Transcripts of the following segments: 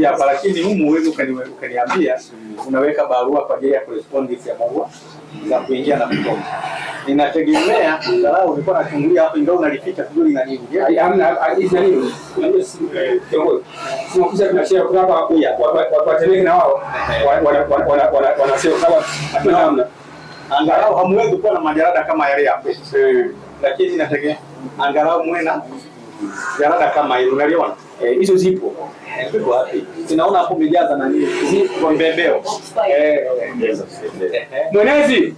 hii hapa, lakini humu huwezi ukaniambia unaweka barua kwa ajili ya correspondence ya barua za kuingia na kutoka. Ninategemea angalau ulikuwa unachungulia hapo, ingawa unalipita sijui lina nini. Eh, angalau hamwezi kuwa na majarada kama yale hapo, eh. lakini ninategemea angalau mwe na jarada kama hilo, unaliona Eh, hizo eh, zipo wapi? Tunaona hapo umejaza na nini kwa mbembeo eh, eh. mwenezi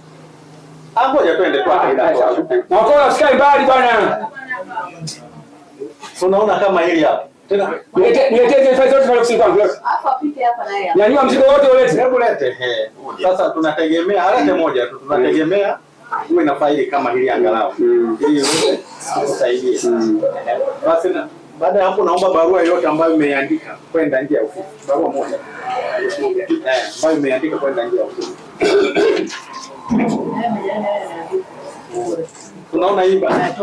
ya twende kwa na kwa askari bali bwana, tunaona kama hili hapa hapo apite Sasa tunategemea haraka moja tu, tunategemea uwe na faili kama hili angalau, mm. ili uweze mm. basi baada ya hapo naomba barua yote ambayo umeandika kwenda nje ya ofisi. Barua moja. Eh, ambayo umeandika kwenda nje ya ofisi. Unaona hii bana?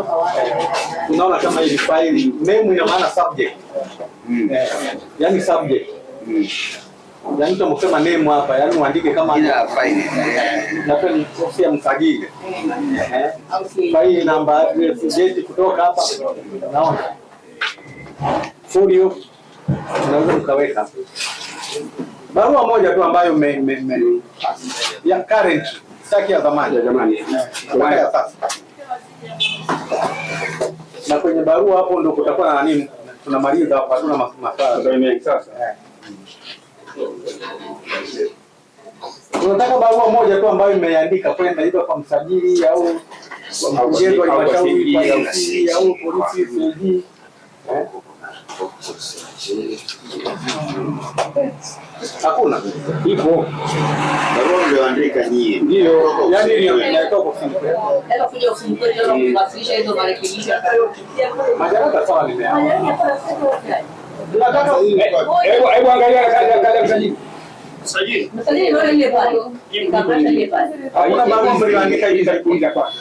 Unaona kama hii file name ina maana subject. Mm. Eh, yani subject. Mm. Yaani mtu tunaposema name hapa, yaani uandike kama ina file. Napenda eh. nikofia msajili. Hmm. Eh. Faili namba ya date kutoka hapa. Naona folio unaweza ukaweka barua moja tu ambayo me, me, me, ya current sitaki ya zamani ya zamani ya sasa. Na kwenye barua hapo ndio kutakuwa na nini, tunamaliza hapo, hatuna maswala sasa. Tunataka eh. barua moja tu ambayo imeandika kwenda hivyo kwa msajili au kwa mkurugenzi wa halmashauri au polisi hakuna ipo barua mlioandika nyie, ndio yani yaani kuwasilisha hizo marekebisho madaraka sawa, nimeona eh, Hebu angalia kaja msajili. Msajili. Msajili ndio ile pale. Hakuna barua mlioandika hivi karibuni kwanza.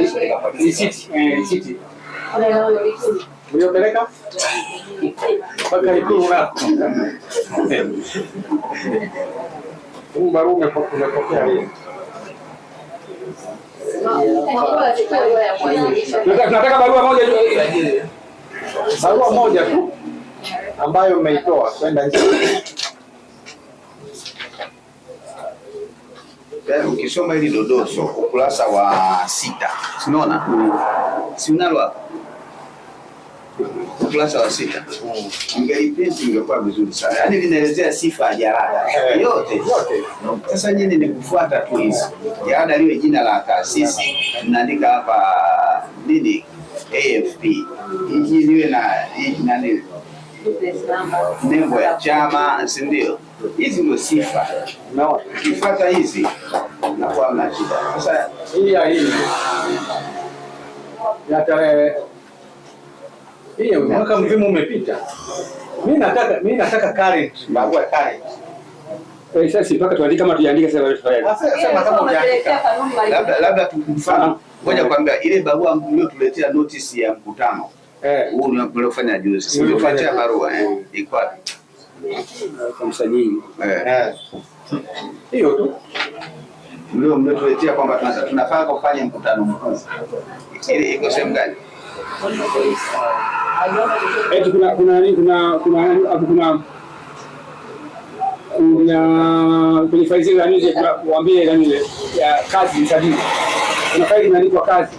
Eh, eh, Uliopeleka mpaka Ikulu Tunataka barua moja, barua moja tu ambayo umeitoa kwenda nje yaani ukisoma hili dodoso ukurasa wa sita, unaona si unalo hapo ukurasa wa sita mgaipenzi mm. ingekuwa vizuri sana, yaani linaelezea sifa ya jalada eh, yote. Sasa nyinyi ni kufuata tu hizi jalada, liwe jina la taasisi, mnaandika hapa nini AFP, hii niwe na nani nembo ya chama, si ndio? Hizi ndio sifa, unaona, ukifuata hizi nakuwa mna shida. Sasa hii ya hii ya tarehe hiyo, mwaka mzima umepita. Mimi nataka mimi nataka current, barua current labda labda, tukufahamu ngoja kwambia, ile barua mliotuletea notice ya mkutano Eh, huu uliofanya juzi, uliofuatia barua eh? iko wapi? Kwa msajili eh. hiyo tu ndio mmetuletea kwamba tunafaa kufanya mkutano mkuu, iko sehemu gani? Eti kuna kuna kuna kuna kuna kuna kwenye faili zile za nje kuambia ile ya kazi msajili, kuna faili inaandikwa kazi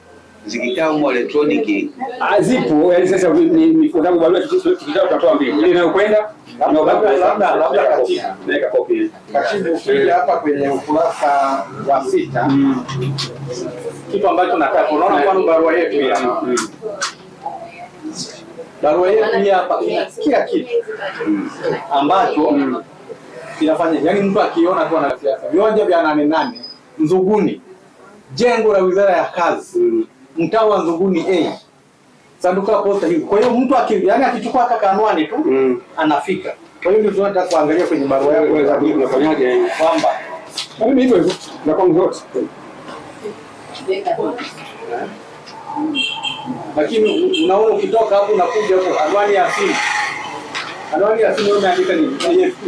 zikitangwa electronic ah, zipo, yani eh, sasa ni kwa sababu barua tukitaka tutatoa mbili ile inayokwenda labda labda katibu naweka copy katibu ukija hapa kwenye ukurasa wa sita, mm. kitu ambacho nataka unaona, kwa barua yetu ya mm. barua yetu ni hapa kila kitu mm. ambacho kinafanya, yani mtu akiona tu anasiasa viwanja vya nane nane Mzuguni, jengo la Wizara ya Kazi mtaa wa Nzuguni A sanduku la posta hivi. Kwa hiyo mtu aki, yani akichukua kaka anwani tu mm. anafika. Kwa hiyo ndio tunataka kuangalia kwenye barua yako ya zaidi unafanyaje kwamba mimi hivyo hivyo na kwa mzote. Lakini unaona ukitoka hapo unakuja hapo anwani ya simu. Anwani ya simu umeandika nini? IFP.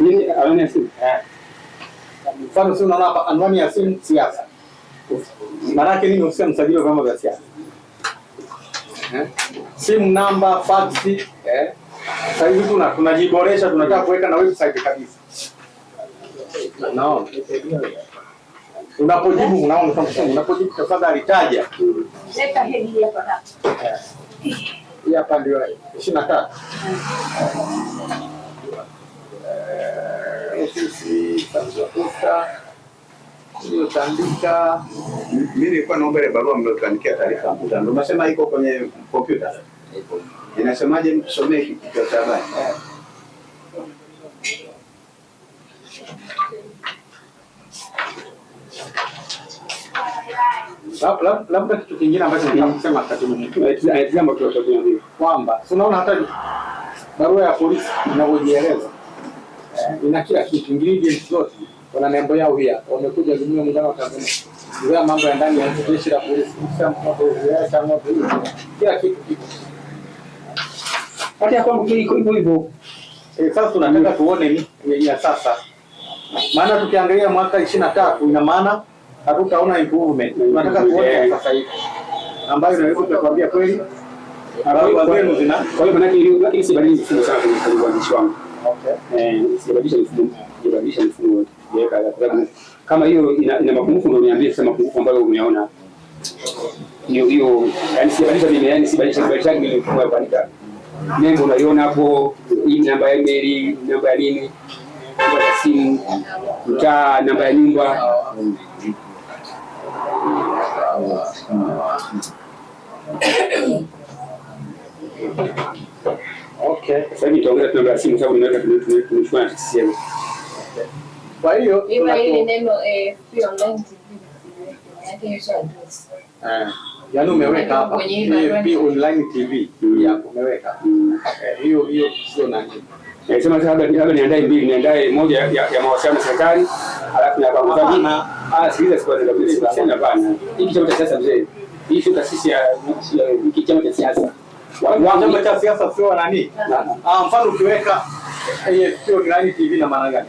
Nini anwani ya simu? Eh. Mfano si unaona hapa anwani ya simu siasa. Maanake nini ofisi ya msajili wa vyama vya siasa? eh? Simu namba, fax, eh? Sasa hivi tuna tunajiboresha, tunataka kuweka na website kabisa. Naona. Unapojibu unaona kwamba unapojibu tafadhali taja. Leta hedi hapa hapa. Hii hapa ndio 23. Eh, ofisi za Posta. Uliyotandika mimi nilikuwa naomba ile barua mliotuandikia taarifa mkutano, ndio nasema iko kwenye kompyuta. Inasemaje? Mtusomee kichwa cha habari. Labda kitu kingine ambacho nitasema katibu mkuu kwamba unaona hata barua ya polisi inavyojieleza ina kila kitu, ingredients zote wana nembo yao hia, wamekuja Jumuiya ya Muungano wa Tanzania, wizara mambo ya ndani, jeshi la polisi, kila kitu kiko hata ya kwamba iko hivyo hivyo. Sasa tunataka tuone ya sasa, maana tukiangalia mwaka ishirini na tatu ina maana hatutaona improvement. Tunataka tuone sasa hivi ambayo naweza kutuambia kweli zina sijaweka, kwa sababu kama hiyo ina, ina mapungufu ndio niambie sema mapungufu ambayo umeona hiyo hiyo, yani sibadilisha mimi, yani sibadilisha kibadilisha mimi kwa kuandika nembo, unaiona hapo, hii namba ya meli namba ya nini, namba ya simu, mtaa, namba ya nyumba Okay. Sasa hivi tutaongeza namba ya simu sababu tunaweka tunachukua na sisi. Kwa hiyo eh, eh, yaani umeweka hapa online TV yako umeweka eh, hiyo hiyo, sio nani Nasema sasa labda labda niandae mbili, niandae moja ya mawasiliano ya serikali, alafu na kwa sababu na ah, sikiliza siku ndio bana. Hiki chama cha siasa mzee. Hii sio taasisi ya hiki chama cha siasa. Chama cha siasa sio nani? Ah, mfano ukiweka eh, TV na maana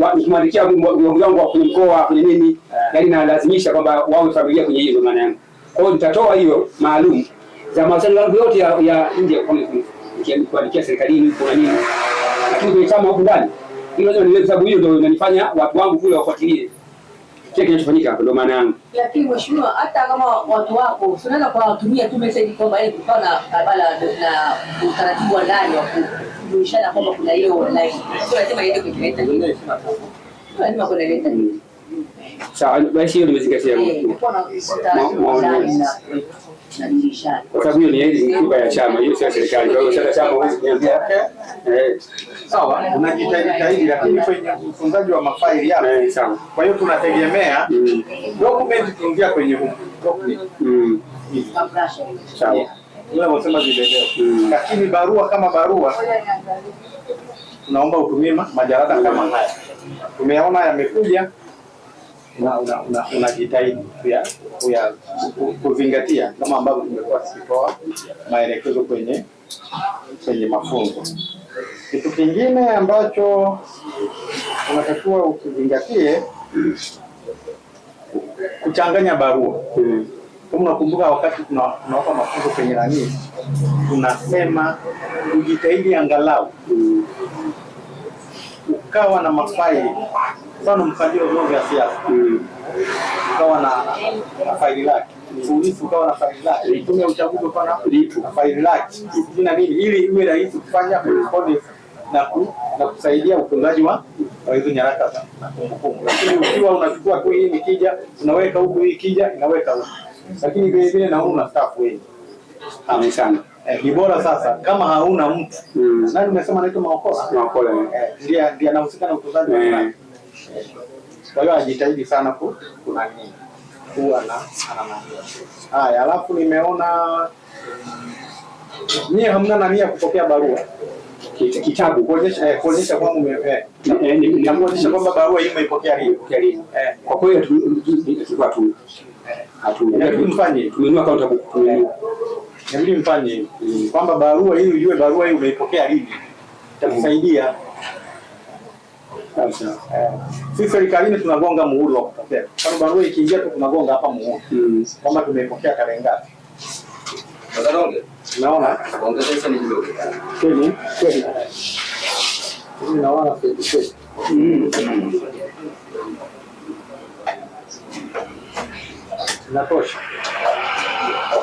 wa kwenye mkoa kwenye nini, eh. yaani nalazimisha kwamba wawe familia kwenye hiyo maana yangu. Kwa hiyo nitatoa hiyo maalum za mawasiliano yangu yote ya nje kuandikia serikalini huko nini, lakini kwenye chama huku ndani, hiyo ndio sababu, hiyo ndio inanifanya watu wangu kule wafuatilie kile kinachofanyika ndio maana yangu. Lakini mheshimiwa, hata kama watu wako unaweza kuwatumia tu message kwamba yeye kukawa na kabala na utaratibu wa ndani wa kujulishana kwamba kuna hiyo online. Sio lazima iende kwenye internet. Sio lazima kuna internet. Sawa, basi hiyo nimezingatia kwa sababu hiyo ni akiba ya chama, hiyo sio serikali. Kwa hiyo chama huwezi kuambia eh. sawa, unajitahidi lakini mm. kwenye ufunzaji wa mafaili eh, sawa. Kwa hiyo tunategemea mm. document kuingia kwenye mm. sawa, unasema vileleo, lakini barua kama barua tunaomba utumie majarada kama haya, tumeona yamekuja unajitahidi una, una kuzingatia kama ambavyo tumekuwa tukitoa maelekezo kwenye kwenye mafunzo. Kitu kingine ambacho unatakiwa ukizingatie kuchanganya barua hmm. Unakumbuka wakati tunawapa mafunzo kwenye nani, tunasema ujitahidi angalau hmm ukawa na mafaili mfano mfandio wa vyombo vya siasa mm. ukawa na faili lake polisi ukawa na faili lake, tume ya uchaguzi ukawa na faili lake na nini, ili iwe rahisi kufanya kurekodi na ku, na kusaidia utunzaji wa hizo nyaraka za kumbukumbu. Lakini ukiwa unachukua tu hii nikija unaweka huku, hii kija inaweka huku, lakini vile vile na huu staff wengi sana. Eh, ni bora sasa kama hauna mtu mm. Nani umesema anaitwa Maokola? Maokola eh, ndiye ndiye anahusika na utunzaji wa eh. Kwa hiyo ajitahidi sana ku kuna nini kuwa na anamwambia haya. Alafu nimeona mie hamna nani ya kupokea barua kitabu kuonyesha kwangu kuonyesha kwamba barua hii umeipokea lini. Kwa kweli tulikuwa tu hatu mfanye tumenua kama tabu inabidi mfanye kwamba barua hii ujue barua hii umeipokea lini, itakusaidia kabisa. Sisi serikalini tunagonga muhuri wa kupokea, kama barua ikiingia tu tunagonga hapa muhuri hmm. kwamba tumeipokea tarehe ngapi. Naona kweli hmm.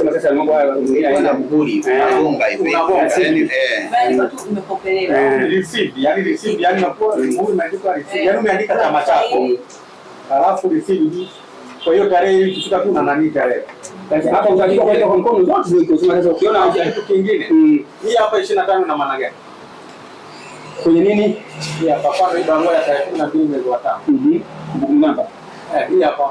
kusema sasa mambo haya mwingine aenda umeandika chama chako alafu Kwa hiyo tarehe hii ikifika tu na nani tarehe hapa utaandika kwa kwa mkono zote ziko sema sasa, ukiona kitu kingine hii hapa 25 na maana gani kwenye nini? Hii hapa kwa barua ya tarehe 12 mwezi wa 5 mhm, namba eh, hii hapa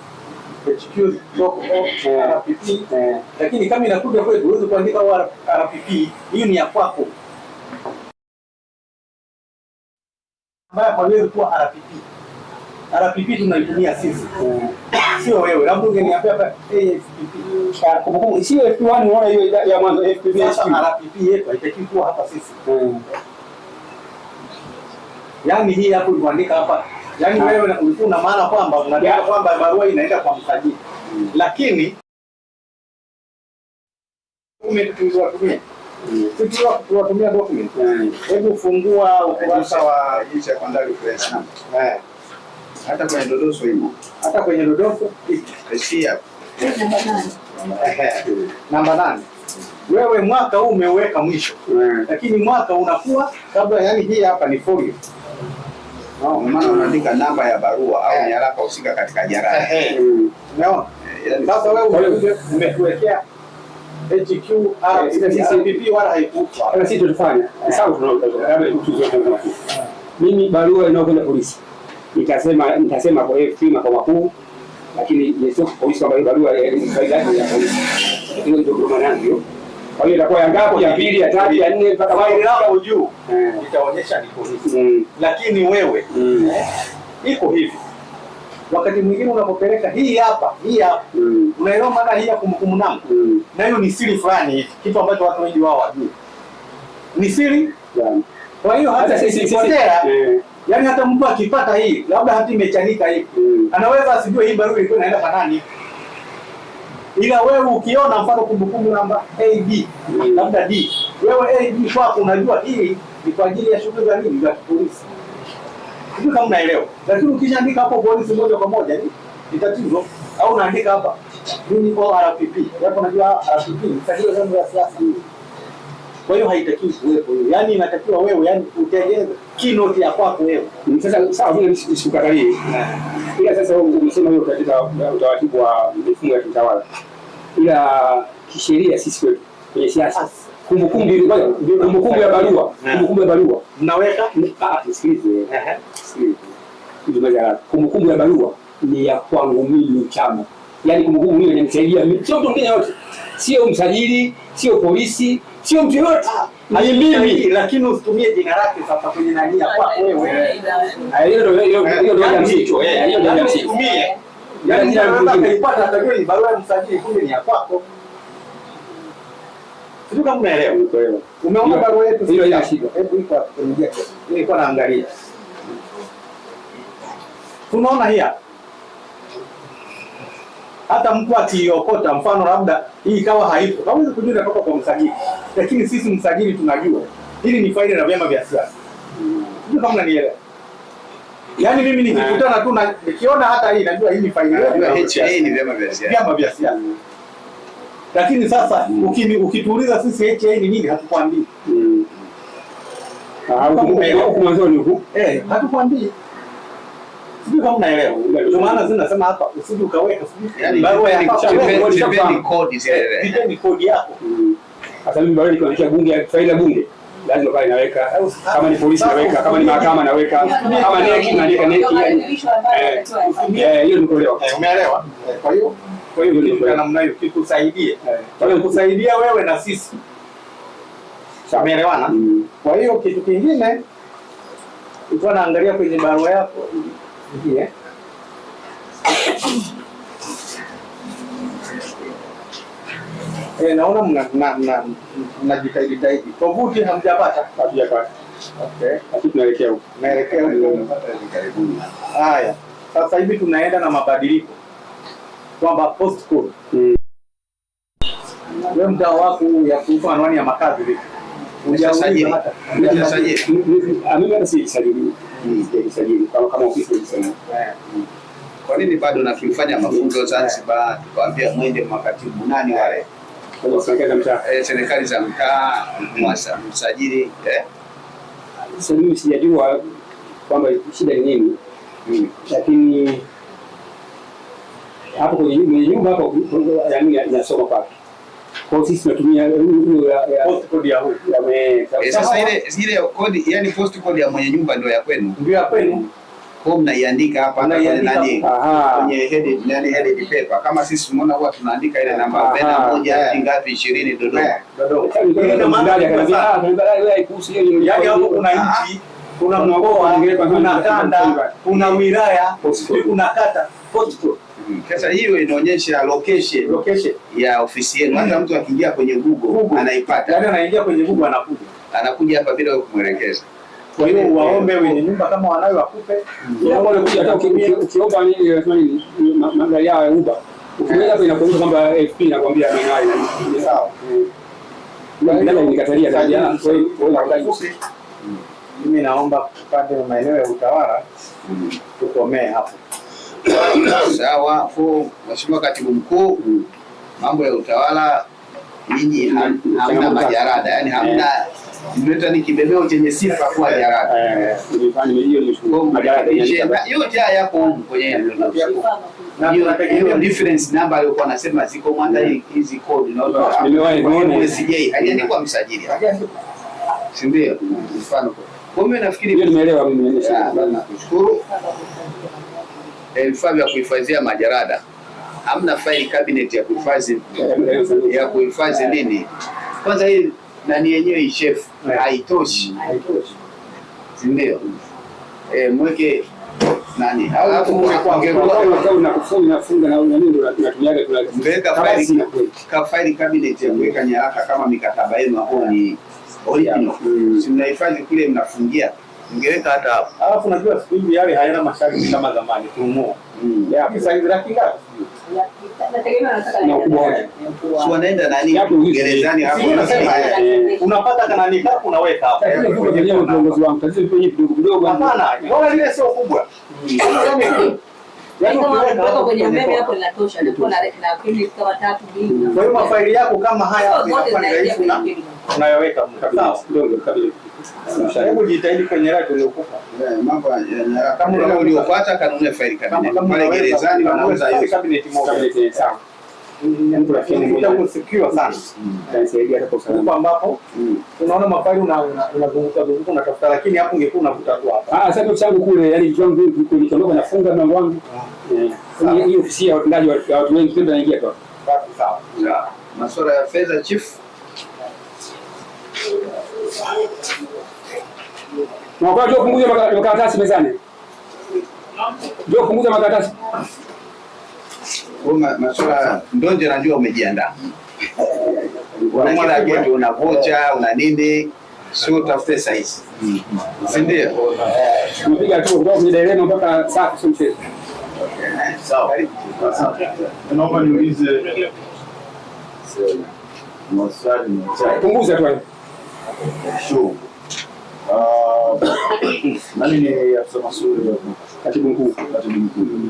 HQ zikitoka RPP, lakini kama inakuja kwetu uweze kuandika RPP, hiyo ni ya kwako ambayo hawezi kuwa RPP. RPP tunaitumia sisi, sio wewe. Labda ungeniambia hapa AFPP, kumbukumbu sio FP1, yaani unaona hiyo ya mwanzo FPP. Sasa RPP yetu haitakiwi kuwa hapa sisi, yaani hii hapo kuandika hapa Yaani ah. wewe ulikuwa una maana kwamba unadai kwamba barua inaenda kwa msajili, mm. lakini tuliwatumia mm. document. Mm. Hebu fungua ukurasa wa eh. Hata kwenye dodoso imo, hata kwenye dodoso namba nane wewe mwaka huu umeweka mwisho, lakini mwaka unakuwa kabla, yani hii hapa ni folio maana unaandika namba ya barua au nyaraka husika katika jalada. Umeona? Sasa wewe umetuwekea mimi barua inayokwenda polisi nitasema nitasema kwa makao makuu, lakini polisi kwa barua ya polisi kwa hiyo itakuwa ya ngapi? Ya pili, ya tatu, ya nne mpaka faili lako juu eh. itaonyesha niko hivi. Mm. Lakini wewe mm. eh, iko hivi. Wakati mwingine unapopeleka hii hapa, hii hapa. mm. Unaelewa maana hii ya kumkumu kumbukumbu mm. Na hiyo ni siri fulani hivi, kitu ambacho watu wengi wao wajui Ni siri? yeah. Kwa hiyo hata sisi yeah. Eh. yani hata mtu akipata hii, labda hata imechanika hivi. Mm. Anaweza asijue hii barua ilikuwa inaenda kwa nani ila wewe ukiona mfano kumbukumbu namba AB labda D, wewe AB kwako unajua hii ni kwa ajili ya shughuli za nini za polisi, sijui kama unaelewa. Lakini ukishaandika hapo polisi moja kwa moja ni tatizo, au unaandika hapa mimi RPP, hapo unajua RPP ni tatizo zangu za siasa. Kwa hiyo haitakiwi kuwepo hiyo, yani inatakiwa wewe, yani utengeneze keynote ya kwako wewe. Sasa sawa vile nisikukatalie. Ila sasa wewe umesema hiyo katika utaratibu wa mifumo ya kitawala. Ila kisheria sisi kwetu kwenye siasa ah. kumbukumbu ile ngoja kumbukumbu ya barua, eh. kumbukumbu ya barua. Mnaweka ah, ah, nisikilize. Eh. Nisikilize. Kumbukumbu ya barua ni ya kwangu mimi chama. Yaani kumbukumbu mimi inanisaidia Sio mtu mwingine yote. Sio msajili, sio polisi, sio mtu yote ni mimi, lakini usitumie jina lake sasa kwenye nani hapa wewe. Ah, hiyo ndio hiyo hiyo ndio ya yaani- eh, hiyo ndio yaani yaani ya msicho. Yaani nilipata hata hiyo barua msajili kumbe ni ya kwako. Sio kama unaelewa. Umeona barua yetu hiyo ya shida. Hebu iko hapo kwenye jacket. kwa naangalia. Tunaona hapa hata mtu akiiokota, mfano labda hii ikawa haipo, hawezi kujua inatoka kwa msajili, lakini sisi msajili tunajua hili ni faili la vyama vya siasa. Sio kama unanielewa? Yaani mimi nikikutana tu na nikiona hata hii najua hii ni faili ya vyama vya siasa, Hii ni vyama vya siasa. Vyama vya siasa. Lakini sasa mm. ukituuliza sisi HA ni nini, hatukwambii. huko huko. mwanzo ni Eh, Hatukwambii. Sijui kama ya kodi bunge Lazima pale naweka kama ni polisi naweka kama ni mahakama naweka kama neki naweka neki. Eh, hiyo ni kuelewa. Umeelewa? Kwa hiyo kwa hiyo ndio namna hiyo tukusaidie. Kwa hiyo kusaidia wewe na sisi. Sameelewana? Kwa hiyo kitu kingine ukiwa naangalia kwenye barua yako Eh, naona mna mnajitahidi Tovuti hamjapata kabla Haya. Sasa hivi tunaenda na mabadiliko kwamba postcode. Mm. Wewe mtaa wako ya kuhusu anwani ya makazi vipi? Kwa nini bado nakifanya mafunzo Zanzibar? tukawambia mwende makatibu nani wale serikali za mtaa eh, msajili. Eh? Mimi sijajua kwamba shida ni nini, hmm. lakini hapo kwenye nyumba hapo, yani nasoma kwake Eh, sasa ile kodi, yani post code ya mwenye nyumba ndio ya kwenu, ndio ya kwenu kwa mnaiandika hapa kwenye headed nani, headed paper. Kama sisi unaona huwa tunaandika ile namba bena moja hadi ngapi, ishirini Dodoma. Yaani kuna mkoa, kuna kanda, kuna wilaya, kuna kata postcode Mm. Sasa hiyo inaonyesha location location ya ofisi yenu. Hata mm. mtu akiingia kwenye Google anaipata, yaani anaingia kwenye Google anakuja anakuja hapa bila kumwelekeza. Kwa hiyo waombe wenye nyumba kama wanayo wakupe, mm. ukiomba nini eh, magari yao Uber ukiweza eh. inakuonyesha kwamba eh, FP inakwambia ni sawa yaani mimi naomba tupate maeneo ya utawala tukomee hapo. Sawa, fu Mheshimiwa Katibu Mkuu, mambo ya utawala nyinyi hamna majarada, yani hamna mleta ni kibebeo chenye sifa kuwa jarada. Yote haya yako huko kwenye hiyo difference namba aliyokuwa anasema ziko hata hizi code naona SJ aliandikwa msajili. Si ndio? Mfano. Kwa hiyo nafikiri nimeelewa mimi. Nashukuru eh, vifaa vya kuhifadhia majarada, hamna file cabinet ya kuhifadhi ya kuhifadhi nini. Kwanza hii nani yenyewe chef haitoshi, si ndio? Eh, mweke nani alafu ka file cabinet ya kuweka nyaraka kama mikataba yenu hapo ni original, mm. si mnahifadhi kule, mnafungia ningeweka hata hapo. Alafu najua siku hizi yale hayana masharti kama zamani tumo. Hmm. Ya pesa hizi laki ngapi? unapata kana nini hapo, unaweka hapo. Kiongozi wangu kazi vidogo vidogo. Hapana, wala lile sio kubwa. Hmm. Yaani Kwa hiyo mafaili yako kama haya unayoweka jitahidi kwenye raki uliokupa eh, kama uliopata kanuni ya faili kabineti pale gerezani kusikiwa sana mm. huko mm. ambapo mm. unaona mafaili unazunguka zunguka unatafuta, lakini hapo ungekuwa unavuta tu hapa. Ah, sasa sababu kule yani nilikuwa nafunga mlango wangu ah, hiyo ofisi ya watendaji wa watu wengi kwenda naingia tu. Masuala ya fedha chief. Makaratasi mezani. Jo, punguza makaratasi. Kwa masuala Ndonje najua umejiandaa. Una vocha, una nini? Sio tafute saizi. Si ndio? Unapiga tu ngoma mpaka saa sio mchezo. Sawa. Naomba niulize maswali machache. Punguza tu. Ah, nani ni afisa katibu mkuu? Katibu mkuu.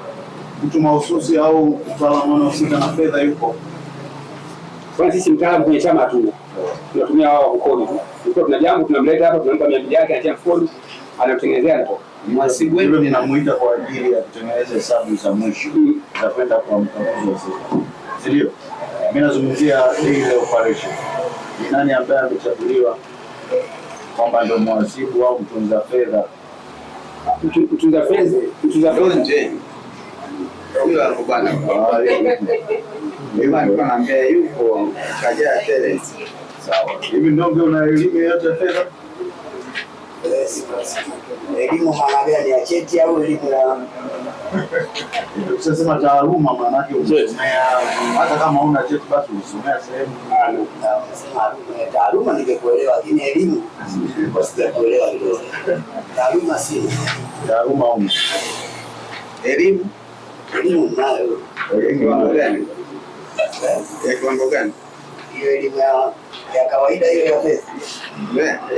mtu mahususi au mtaalamu anahusika na fedha yupo? Kwa sisi mtaalamu kwenye chama hatuna, tunatumia wao mkono tu. Tulikuwa tuna jambo tunamleta hapa, tunampa mia mbili yake, anatia mkono, anamtengenezea hapo. Mhasibu wetu ninamuita kwa ajili ya kutengeneza hesabu za mwisho za mm. kwenda kwa mkaguzi wa serikali, si ndio? Mimi nazungumzia daily operation. Ni nani ambaye amechaguliwa kwamba ndio mhasibu au mtunza fedha? Mtunza fedha, mtunza fedha huyo elimu yote tena? Elimu taaluma maana yake hata kama una cheti basi umesomea sehemu Taaluma ningekuelewa lakini elimu elimu elimu mnayo. Ya kiwango gani? Hiyo elimu ya kawaida, hiyo ya pesa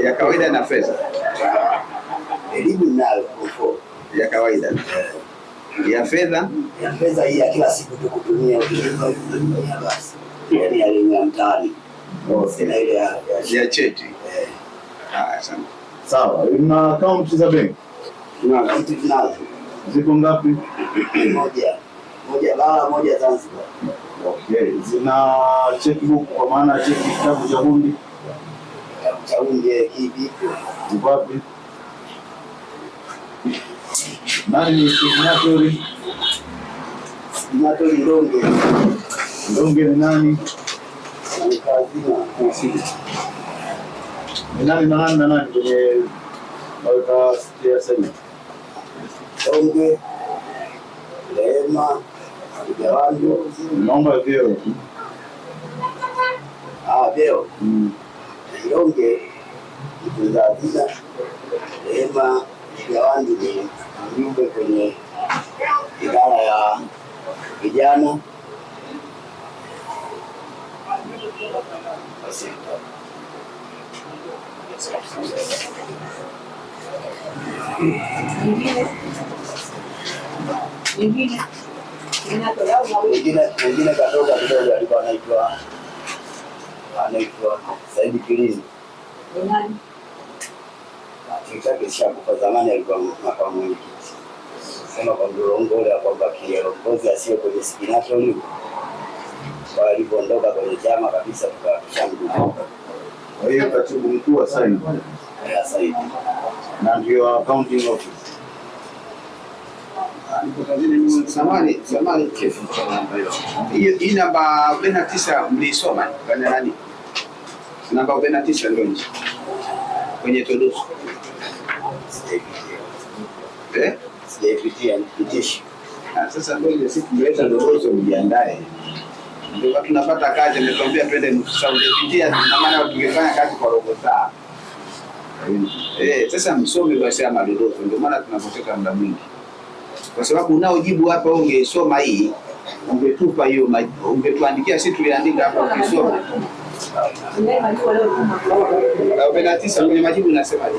ya kawaida na fedha Elimu mnayo ya kawaida ya fedha ya fedha hii ya kila siku tu kutumia kutumia basi, yaani elimu ya mtaani ya cheti. Eh. Ah, Sawa, na akaunti za benki tunazo ziko ngapi? Moja. Moja Bara, moja Zanzibar. Okay. Zina checkbook kwa maana cheki kitabu cha hundi cha hundi kipo eh, wapi? Nani ni signatory? Signatory Ndonge. Ndonge ni nani? Ni nani na nani na nani kwenye Shongwe, Lema, Mjawandu. Naomba vyeo. Ah, vyeo. Shongwe mm. mtunza hazina, Rehema ni mjumbe kwenye idara ya vijana Mwingine katoka kidogo, alikuwa anaitwa anaitwa Saidi Kilini, chake shakufa zamani, alikuwa makamu mwenyekiti. Sema kwa Mdolongola kwamba kiongozi asiyo kwenye sikinacho liu kwa alivyoondoka kwenye chama kabisa, tukashamdu. Kwa hiyo katibu mkuu wa Saidi na ndio accounting office. Hii namba arobaini na tisa mliisoma nani? Namba arobaini na tisa ndio kwenye todosu eh? ah, sasa ndio siku mleta dogozo mjiandae. Ndio tunapata kazi, ametuambia twende nusu saa. Tungefanya kazi kwa robo saa. Eh, sasa msome basi ama Dodoko, ndio maana tunapoteka muda mwingi, kwa sababu unaojibu hapa ungesoma hii ungetupa hiyo, ungetuandikia sisi tuliandika hapa, ukisoma ah, tisa kwenye majibu inasemaje?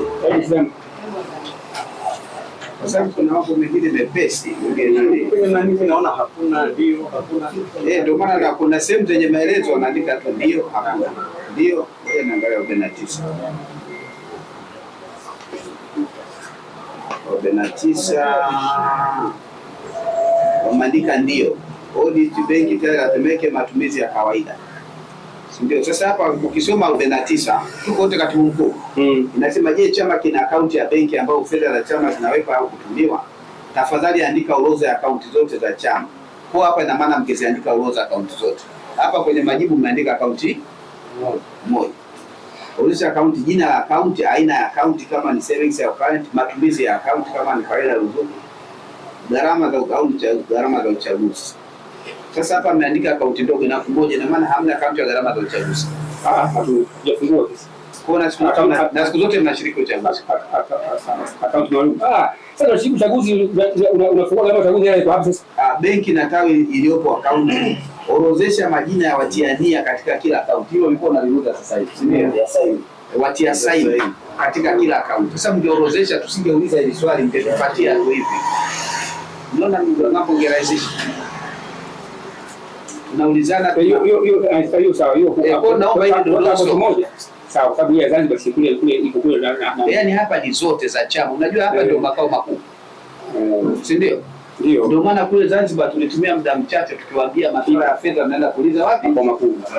Kwa sababu kuna mambo mengine mepesi, eh, ndio maana kuna sehemu zenye maelezo wanaandika tu ndio, hakuna ndio. Eh, naangalia arobaini na tisa arobaini na tisa wameandika ndio, audit benki atemeke matumizi ya kawaida ndio. Sasa hapa ukisoma arobaini na tisa tuko wote katibu mkuu mm. Inasema je, chama kina akaunti ya benki ambayo fedha za chama zinawekwa au kutumiwa? Tafadhali andika orodha ya akaunti zote za chama. Kwa hapa ina maana mkiziandika orodha akaunti zote hapa, kwenye majibu mmeandika akaunti moja Ulisha akaunti, jina la akaunti, aina ya akaunti, kama ni savings account, matumizi ya akaunti, kama ni faida ya ruzuku, gharama za akaunti, gharama za uchaguzi. Sasa hapa ameandika akaunti ndogo na inakumoja, na maana hamna akaunti ya gharama za uchaguzi. Ah, ah hatujafungua kwa Na siku na, na siku zote mnashiriki uchaguzi. gharama za uchaguzi, hapo sasa ah, Benki na tawi iliyopo akaunti orozesha majina ya watiania katika kila akaunti. Hilo ulikuwa unalirudia sasa hivi, si ndio? Watia saini katika kila kaunti. Sasa mngeorodhesha, tusingeuliza hili swali, mngetupatia tu hivi. Mnaona mambo ngerahisisha eh, eh, Yaani hapa ni zote za chama. Unajua hapa eh. ndio makao makuu, si ndio? Ndio maana kule Zanzibar tulitumia muda mchache tukiwaambia masuala ya fedha mnaenda kuuliza wapi? Kwa makubwa.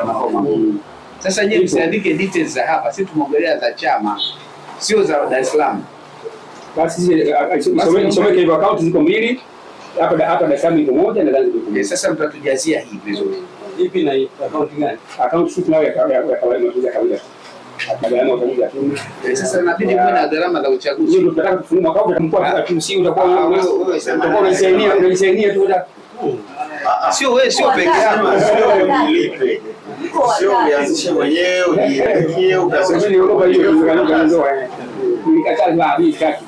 Sasa nyie msiandike details za hapa, sisi tumeongelea za chama, sio za Dar es Salaam. Basi eh, eh, eh, Akaunti ziko mbili hapa Dar es Salaam iko moja na Zanzibar iko moja. Sasa mtatujazia hii vizuri. Ipi na akaunti gani? Akaunti ya kawaida ya kawaida. Sasa inabidi kuwe na gharama za uchaguzi. Sio wewe, sio peke yako, sio uanzishe mwenyewe ujirekebishe ukasema